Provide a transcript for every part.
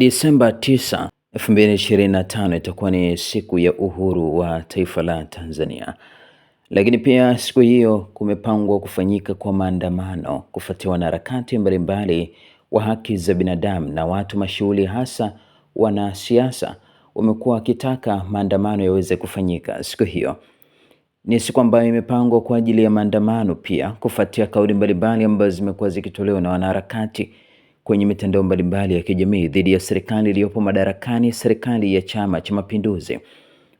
Disemba 9, 2025 itakuwa ni siku ya uhuru wa taifa la Tanzania, lakini pia siku hiyo kumepangwa kufanyika kwa maandamano kufuatiwa na harakati mbalimbali wa haki za binadamu na watu mashuhuri, hasa wanasiasa wamekuwa wakitaka maandamano yaweze kufanyika siku hiyo. Ni siku ambayo imepangwa kwa ajili ya maandamano pia kufuatia kauli mbalimbali ambazo zimekuwa zikitolewa na wanaharakati kwenye mitandao mbalimbali ya kijamii dhidi ya serikali iliyopo madarakani, serikali ya Chama cha Mapinduzi.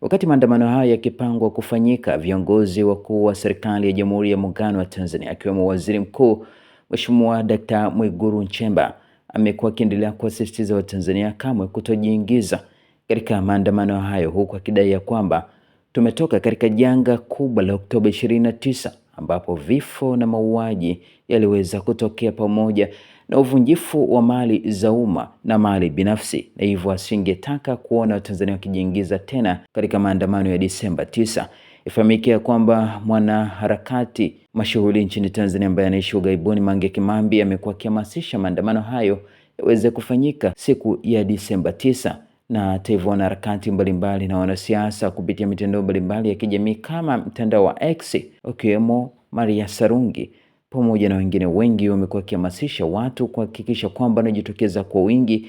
Wakati maandamano haya yakipangwa kufanyika, viongozi wakuu wa serikali ya Jamhuri ya Muungano wa Tanzania akiwemo Waziri Mkuu Mheshimiwa Dkt. Mwigulu Nchemba amekuwa akiendelea kuwasisitiza Watanzania kamwe kutojiingiza katika maandamano hayo, huku akidai ya kwamba tumetoka katika janga kubwa la Oktoba 29 ambapo vifo na mauaji yaliweza kutokea pamoja na uvunjifu wa mali za umma na mali binafsi, na hivyo asingetaka kuona Watanzania wakijiingiza tena katika maandamano ya Disemba 9. Ifahamike ya kwamba mwanaharakati mashuhuri nchini Tanzania ambaye anaishi ughaibuni, Mange Kimambi amekuwa akihamasisha maandamano hayo yaweze kufanyika siku ya Disemba 9 na hata hivyo wanaharakati mbalimbali na wanasiasa kupitia mitandao mbalimbali ya kijamii kama mtandao wa X wakiwemo Maria Sarungi pamoja na wengine wengi wamekuwa wakihamasisha watu kuhakikisha kwamba wanajitokeza kwa wingi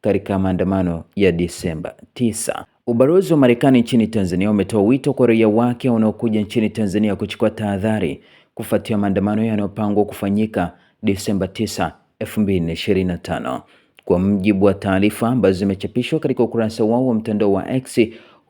katika maandamano ya Disemba 9. Ubalozi wa Marekani nchini Tanzania umetoa wito kwa raia wake wanaokuja nchini Tanzania kuchukua tahadhari kufuatia maandamano yanayopangwa kufanyika Disemba 9, 2025. Kwa mjibu wa taarifa ambazo zimechapishwa katika ukurasa wao wa mtandao wa X,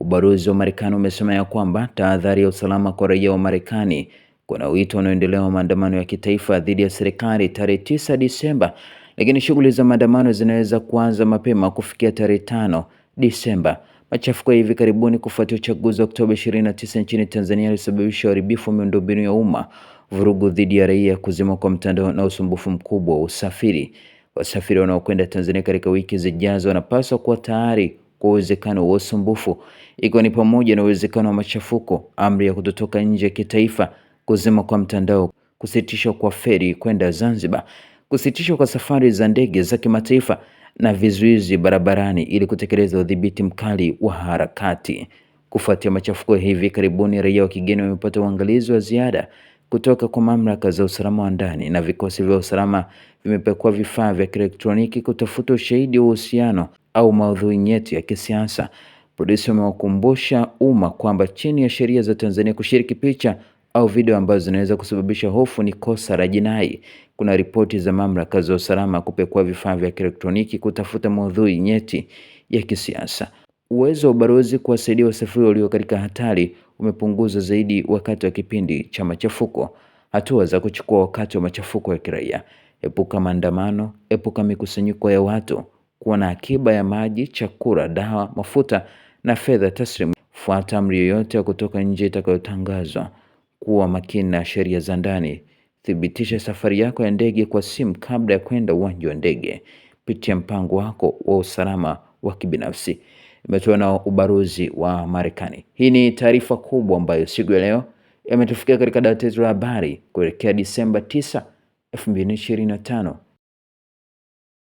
ubalozi wa Marekani umesema ya kwamba tahadhari ya usalama kwa raia wa Marekani kuna wito unaoendelea wa maandamano ya kitaifa dhidi ya serikali tarehe 9 Disemba, lakini shughuli za maandamano zinaweza kuanza mapema kufikia tarehe tano Disemba. Machafuko ya hivi karibuni kufuatia uchaguzi wa Oktoba 29 nchini Tanzania yalisababisha uharibifu wa miundombinu ya umma, vurugu dhidi ya raia, kuzima kwa mtandao na usumbufu mkubwa wa usafiri. Wasafiri wanaokwenda Tanzania katika wiki zijazo wanapaswa kuwa tayari kwa uwezekano wa usumbufu, ikiwa ni pamoja na uwezekano wa machafuko, amri ya kutotoka nje ya kitaifa, kuzima kwa mtandao, kusitishwa kwa feri kwenda Zanzibar, kusitishwa kwa safari za ndege za kimataifa na vizuizi barabarani ili kutekeleza udhibiti mkali wa harakati. Kufuatia machafuko hivi karibuni, raia wa kigeni wamepata uangalizi wa ziada kutoka kwa mamlaka za usalama wa ndani na vikosi vya usalama vimepekua vifaa vya kielektroniki kutafuta ushahidi wa uhusiano au maudhui nyeti ya kisiasa. Polisi wamewakumbusha umma kwamba chini ya sheria za Tanzania kushiriki picha au video ambazo zinaweza kusababisha hofu ni kosa la jinai. Kuna ripoti za mamlaka za usalama kupekua vifaa vya kielektroniki kutafuta maudhui nyeti ya kisiasa. Uwezo wa ubalozi kuwasaidia wasafiri walio katika hatari umepunguzwa zaidi wakati wa kipindi cha machafuko. Hatua za kuchukua wakati wa machafuko ya kiraia: epuka maandamano, epuka mikusanyiko ya watu, kuwa na akiba ya maji, chakula, dawa, mafuta na fedha taslimu. Fuata amri yoyote ya kutoka nje itakayotangazwa. Kuwa makini na sheria za ndani. Thibitisha safari yako ya ndege kwa simu kabla ya kwenda uwanja wa ndege. Pitia mpango wako wa usalama wa kibinafsi imetolewa na ubalozi wa Marekani. Hii ni taarifa kubwa ambayo siku ya leo imetufikia katika dawati letu la habari kuelekea Disemba 9, 2025.